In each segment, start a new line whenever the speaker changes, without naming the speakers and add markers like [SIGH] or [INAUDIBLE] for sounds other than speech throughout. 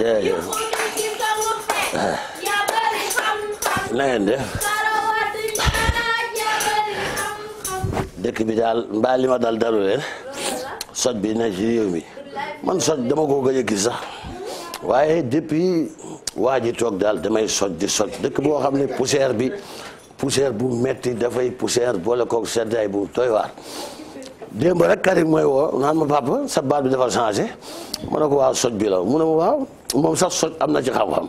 jërëjëf na ngeen def dëkk bi daal mbaa daal dalu leen bi ne ci réew mi man soj dama ko gëj a sax waaye depuis waa ji toog daal damay soj di soj dëkk boo xam ne poussière bi poussière bu metti dafay poussière boole koog seddaay bu tooy waar démb rek Karim mooy woo naan ma papa sa baat bi dafa changé ma ne ko waaw soj bi la mu ne ma waaw moom sax soj am na ci xam-xam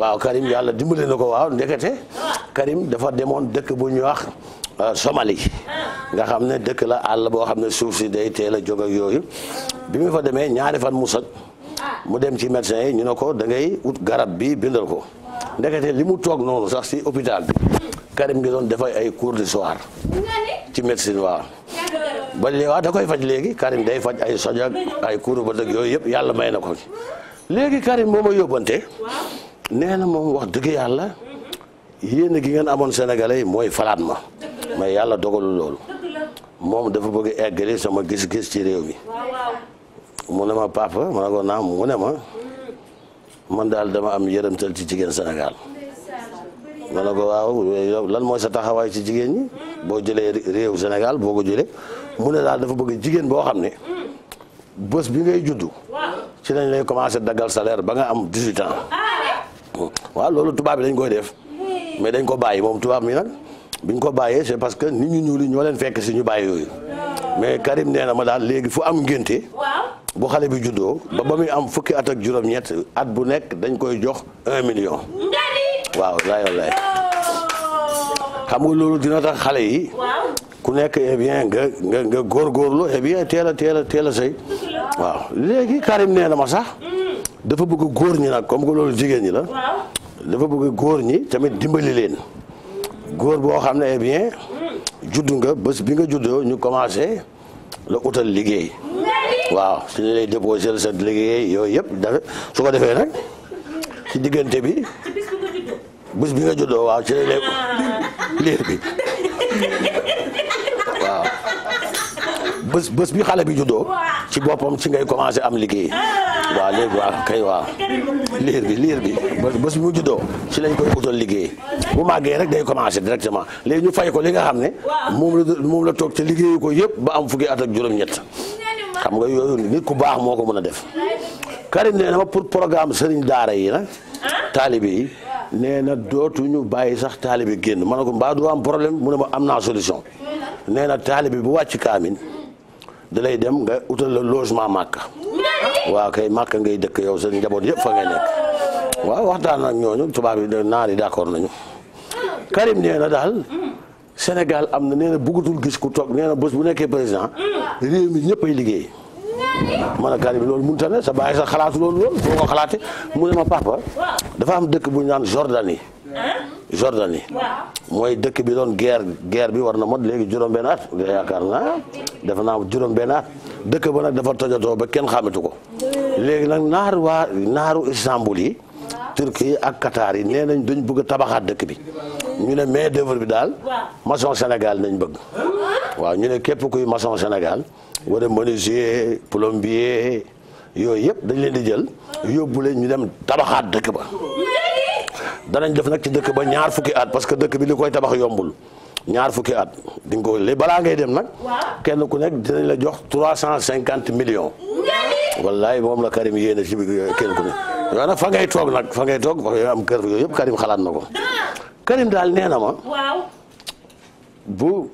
waaw Karim yàlla dimbale na ko waaw ndekete Karim dafa demoon dëkk bu ñu wax euh, Somalie nga xam ne dëkk la àll boo xam ne suuf si day teel a jog ak yooyu bi mu fa demee ñaari fan mu soj mu dem ci médecin yi ñu ne ko da ngay ut garab bi bindal ko ndekete li mu toog noonu sax si hôpital bi Karim ngi doon dafay ay cours du soir ci médecine waaw bañ waa da koy faj léegi Karim day faj ay sojak ay kuuru ba dëgg yooyu yëpp yàlla may na ko léegi Karim moo ma yóbbante nee na moom wax dëgg yàlla yéen gi ngeen amoon sénégalais mooy falaat ma may yàlla dogalu loolu moom dafa bëgg eggali sama gis-gis ci réew mi mu ne ma papa ma ne ko naam mu ma man daal dama am yërëmtal ci jigéen Sénégal ma ne ko waaw lan mooy sa taxawaay ci jigéen ñi boo jëlee réew Sénégal boo ko jëlee mu ne daal dafa bëgg jigéen boo xam ne bés bi ngay juddu ci lañ lay commencé daggal salaire ba nga am 18 ans waaw loolu tubaab bi dañ koy def mais dañ ko bàyyi moom tubaab mi nag biñ ko bàyyee c'est parce que nit ñu ñuul ñoo leen fekk si ñu bàyyi yooyu mais Karim nee na ma daal léegi fu am ngénte bu xale bi juddoo ba ba muy am fukki at ak juróom-ñett at bu nekk dañ koy jox million. waaw laay wallaay xam nga loolu dina tax xale yi ku nekk eh bien nga nga góor góorgóorlu eh bien teel a teel a teel a sëy waaw léegi Karim nee na ma sax dafa bëgg góor ñi nag comme que loolu jigéen ñi la dafa bugg góor ñi tamit dimbali leen góor boo xam ne eh bien judd nga bës bi nga juddoo ñu commencé la utal liggéey waaw su ñu lay déposé sa liggéey yooyu yëpp dafa su ko defee nag ci diggante bi. bis bi nga juddoo waaw ci léeg [LAUGHS] liir bi [LAUGHS] waaw bés bés bi xale bi juddoo ci boppam ci ngay commencé am liggéey ah. waaw léegi waaw kay waaw liir bi liir bi bés bi mu juddoo ci lañ koy utal liggéey bu màggee rek day commencé directement léegi ñu fay ko li nga xam ne moom la moom la toog te liggéeyu ko yëpp ba am fukki at ak juróom-ñett xam nga yooyu nit ku baax moo ko mën a def Karim nee na ma pour programme sëriñ daara yi nag ah. taalibe yi nee na dootuñu bàyyi sax taalibe génn ma ne ko mbaa du am problème mu ne ma am naa solution nee na taalibe bu wàcc kaamin dalay dem nga utal la logement Màkka waaw kay Màkka ngay dëkk yow sa njaboot yëpp fa ngay nekk waaw waxtaan ak ñooñu tubaab yi naar yi d'accord nañu Karim nee na daal Sénégal am na nee na gis ku toog nee na bés bu nekkee président réew mi ñëpp ay liggéey man a bi loolu mënut a ne sa bàyyi sa xalaatu loolu loolu foo ko xalaatee mu ne ma papa dafa am dëkk bu ñu naan Jordanie. Jordanie mooy dëkk bi doon guerre guerre bi war na mot léegi juróom yaakaar naa defe naa juróom-benn dëkk ba nag dafa tojatoo ba kenn xamatu ko léegi nag naaru waa naaru Istanbul yi. Turquie ak Qatar yi nee nañ dañ bëgg a tabaxaat dëkk bi ne mais d'œuvre bi daal maçon Sénégal nañ bëgg. waaw ñu ne képp kuy maçon Sénégal war a menuisier plombier yooyu yëpp dañ leen di jël yóbbu leen ñu dem tabaxaat dëkk ba danañ def nag ci dëkk ba ñaar fukki at parce que dëkk bi li koy tabax yombul ñaar fukki at di nga ko li balaa ngay dem nag kenn ku nekk dinañ la jox trois cent cinquante millions wallaay moom la Karim yéene ci euh, kenn ku ne yow nag fa ngay toog nag fa ngay toog wax am kër yooyu yëpp Karim xalaat na ko Karim daal nee na ma bu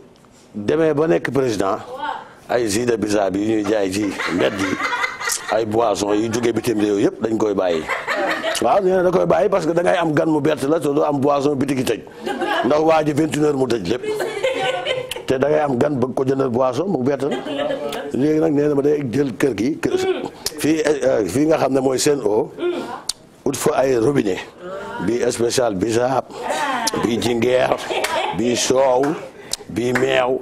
demee ba nekk président ay jus de bisaab yi ñuy jaay ci mbedd yi ay boisson yi jóge bitim réew yëpp dañ koy bàyyi waaw nee na da koy bàyyi parce que da ngay am gan mu bert la te doo am boisson bitik yi tëj ndax waa ji vingt une mu tëj lépp te da ngay am gan bëgg ko jëndal boison mu bert la léegi nag nee na ma day jël kër gi fii euh, fii nga xam ne mooy seen o ut fa ay robinet bi spécial bisaab bi jingeer bi soow bii meew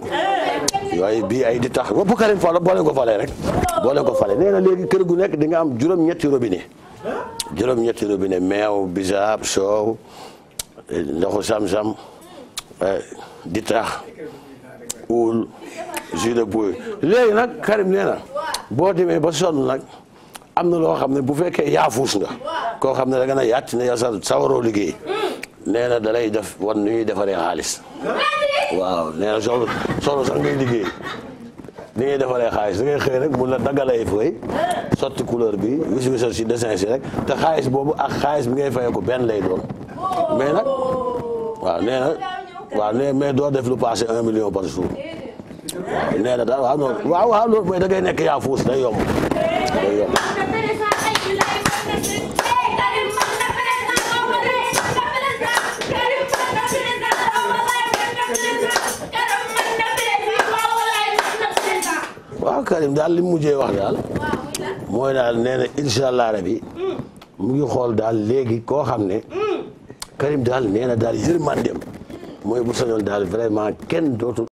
yooyu bii ay di tax wëpp Karim boole boo leen ko falee rek boole leen ko falee nee na kër gu nekk di nga am juróom-ñetti robinet juróom-ñetti robinet meew bisaab soow ndoxu sam-sam eh, di uul jus de bouy léegi nag Karim nee na boo demee ba sonn nag am na loo xam ne bu fekkee yaafuus nga koo xam ne da nga na yàtt ne yaa sa sawaroo liggéey hmm. nee na def wan nu ñuy defaree xaalis waaw nee na soxla soxla sax ngay liggéey ni ngay defaree xaalis da ngay xëy rek mun la daggal ay feuille sotti couleur bi wis wisal si dessin si rek te xaalis boobu ak xaalis bi ngay fayee ko benn lay doon mais nag waaw nee na waaw nee mais doo def lu passé un million par jour nee na daal waaw noonu waaw waaw loolu mooy da ngay nekk yaa fuus day yomb Karim daal li mu mujjee wax daal mooy daal nee na incha allah rabi mu ngi xool daal léegi koo xam ne Karim daal nee na daal yërmandeem mooy bu sañoon daal vraiment kenn dootul.